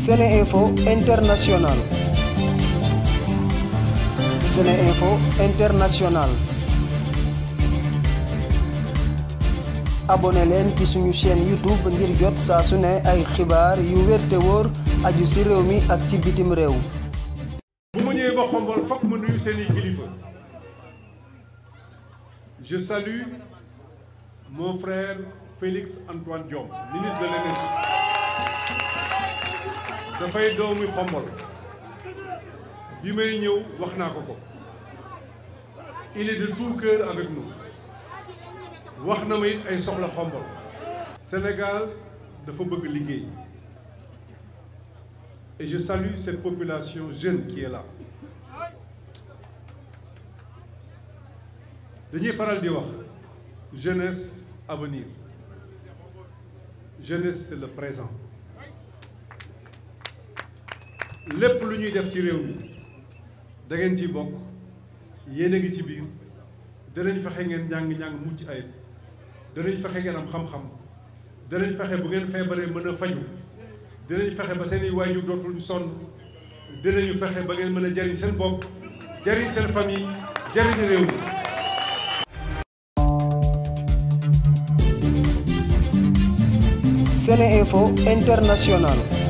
Sene Info International Sene leen ci suñu chaîne YouTube ngir jot saa su ne ay xibaar yu wér te aju ci réew mi ak ci bitim réew bu ma ba xombol fokk ma nuyu seeni kilifa je salue mon frère Félix Antoine Diome ministre de l'énergie dafay doomi xombol bi may ñëw wax naa ko ko il est de tout cœur avec nous wax na ma ay soxla xombol Sénégal dafa bëgg liggéey et je salue cette population jeune qui dañuy faral di wax jeunesse avenir jeunesse c'est le présent lépp lu ñuy def ci réew mi dangeen ci ciy bokk yéen a ci biir danañ fexe ngeen njàng-njàng mucc ay danañ fexe ngeen am xam-xam danañ fexe bu ngeen feebaree mën a faju danañ fexe ba seen i waajur dootul ñu sonn danañu fexe ba ngeen mën a jariñ seen bopp jariñ seen famille jariñ réew mi